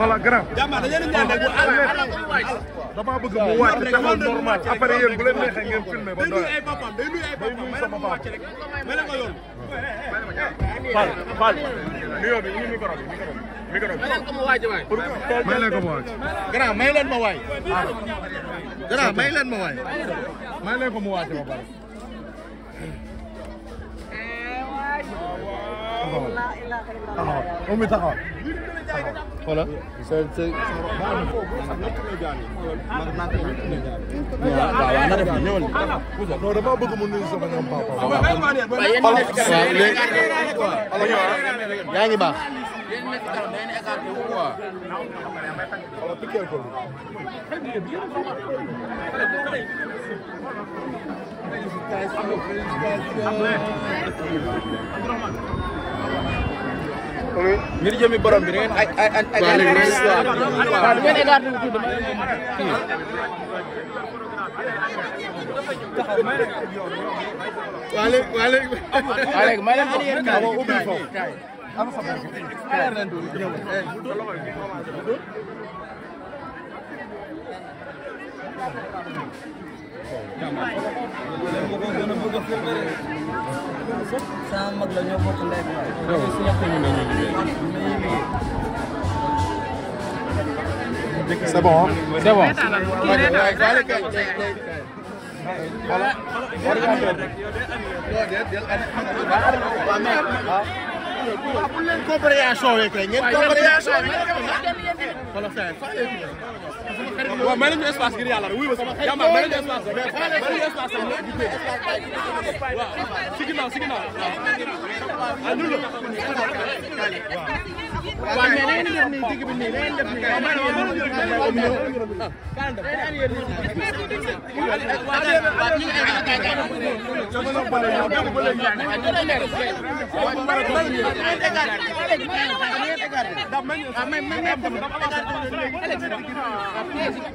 voilà grand. dama bëgg mu wàcc taxaw normal après yéen bu leen neexee ngeen filmé ba doyoo day nuyu sama papa. Fall Fall. nuyoo bi ñu micro bi micro bi. may leen ko ma waaj. grand may leen ma waay. Ah. grand may leen ma waay. may leen ko mu waaj ba pare. Eh, taxawal taxawal. voilà. c'est c'est. non damaa bëgg mu nuyu sama ñoom papa. waaw yaa ngi baax. Thank you. ngir jëmi borom bi da ngeen ay ay ay ay waaw du ngeen égaré tuuti ba waa léegi waa léegi waa léegi may leen ko waaw ubbi foofu sama mag la ñoo bokk ndey c'est bon c'est bon waaw bu leen compréhension rek ngeen compréhension waaw may nañu espace ngir yàlla wuy ma sama xarit yàlla may nañu espace rek mais may nañu espace rek ñu dégg waaw si ginnaaw si ginnaaw waaw ah, waaw mais da ngeen di def nii digg bi nii da ngeen di def nii. waaw man yéen ñëpp ñu ngi koy ñëw. waaw ñu ngi ay ay ay ay. waaw man man man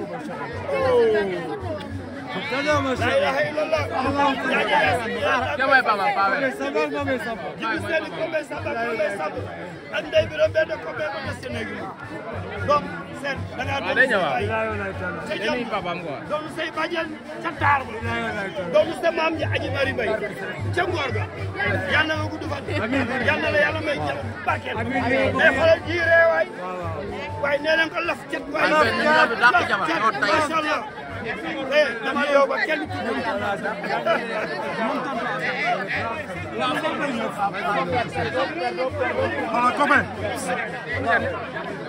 لا اله الا الله جماي بابا بابا سبب بابا سبب جيبي سالي كومبي سبب كومبي سبب اندي بيرم بيرم كومبي بابا سينيغي دونك waaw day ñëwaat dañuy papaam quoi. doomu say bàjjen ca taar ba. doomu sa maam ji aji mari mbay ca ngoor ga. yal na nga gudd fan. yal na la yàlla may jàmm barkeel. mais xoolal ji reewaay. waaye nee nañ ko laf cet. waaye laf cet macha allah. dama yow ba kenn tudd.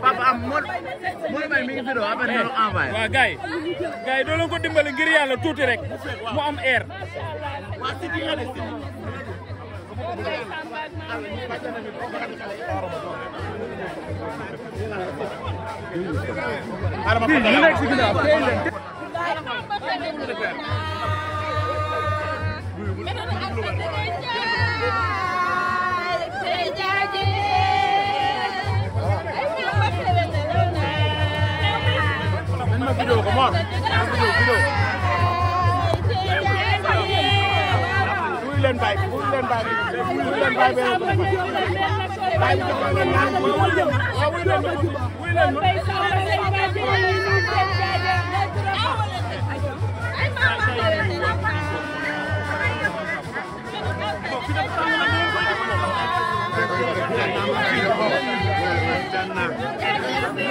papa am Modou Modou Mbaye mi ngi fi doon affaire yi doon envoyé. waaw gars yi gars yi doo leen ko dimbale ngir yàlla tuuti rek mu video, come on. That's video, video. Pull and bike, pull and bike. Pull and bike. Pull and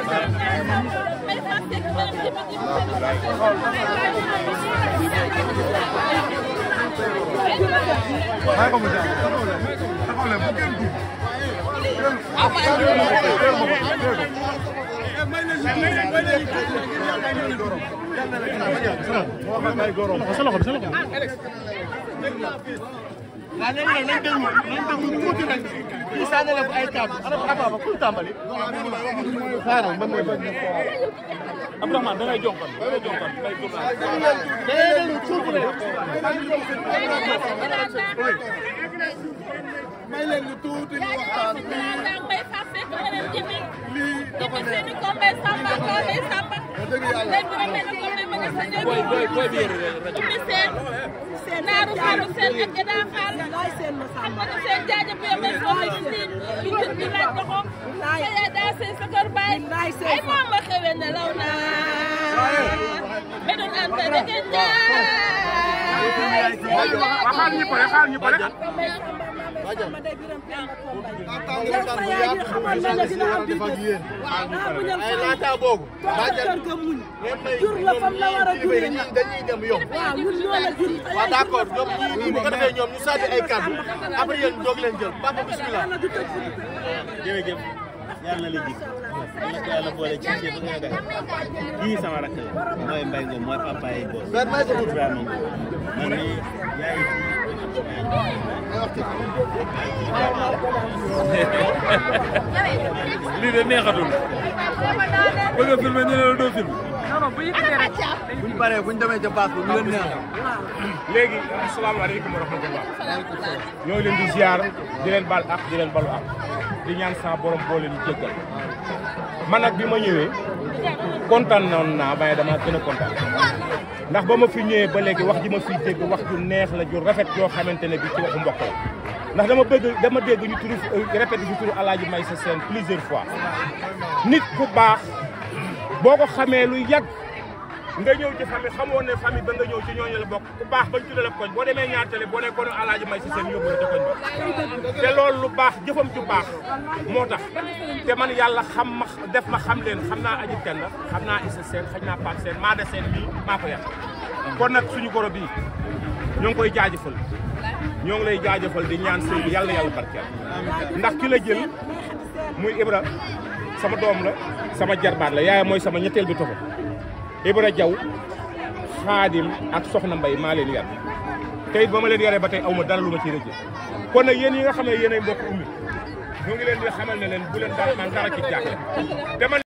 Thank you. Bisa loh, bisa loh. waaw léegi nag nañ déglu nañ déglu tuuti rek kii sànni la ko ay kàddu Ababa ku tàmbali. xaaral man mooy. Abdourahmane da ngay jonkon da ngay jonkon bay tournage. da ngay déglu tuuti rek. may leen ñu tuuti ñu waxtaan lii dafa nekk lii dafa nekk wax dëgg yàlla booy booy booy bi yëre rek. seen naaru xaaru seen ak gànnaar xaal xam nga seen jaajëf bu yemee soo ko gisee ñu jot ñu laaj ko ko. te yaay daa seen sa kër baay ay moom ma xewee ne law naa. mais du naan te da ngeen jaay. xaar ñu pare xaar ñu pare. ay laata boobu. jur la fam la war a juree nag. dañuy dem yow. waaw ñun ñoo la jur. waaw d' accord ñoom ñii nii bu ko defee ñoom ñu sàcc ay kàddu après yéen doog leen jël papa bismillah jërëjëf yàlla na la jig nekk yàlla boole ci ceeb nga gañ kii sama rakk la mooy Mbaye Ngom mooy papa yi boos Ibrahima Ngom man ni yaay lii de neexatul bëgg a filmé ñu ne la doo filmé bu ñu paree bu ñu demee ca baas bi ñu leen neex léegi asalaamaaleykum wa rahmatulah ñoo leen di ziar di leen baal ak di leen balu ak di ñaan saa borom boo leen jéggal man nag bi ma ñëwee kontaan noonu naa waaye damaa gën a ndax ba ma fi ñëwee ba léegi wax ji ma fiy dégg wax ju neex la ju rafet yoo xamante ne bi ci waxu mbokk la ndax dama bëgg dama dégg ñu turu euh, répété bi turu Alaaji Maysa Sène plusieurs fois nit ku baax boo ko xamee lu yàgg nga ñëw ci famille xamoon ne famille ba nga ñëw ci ñooñu la bokk ku baax bañ tuddee la koñ boo mee ñaar télé boo nekkoon alaaji may si seen yóbbu la ca te loolu lu baax jëfam ju baax moo tax te man yàlla xam ma def ma xam leen xam naa aji kenn xam naa isa xañ naa paam seen maa de seen bii maa ko yàq kon nag suñu goro bii ñoo ngi koy jaajëfal ñoo ngi lay jaajëfal di ñaan sëy bi yàlla yàlla barkeel ndax ki la jël muy Ibra sama doom la sama jarbaat la yaay mooy sama ñetteel bi toxo Ibra Diaw Xaadim ak Soxna Mbay maa leen yar te it ba ma leen yaree ba tey aw ma dara lu ma ciy rëcc kon nag yéen yi nga xam ne yéen ay ngi leen di ne leen bu leen dara man dara ci jaaxle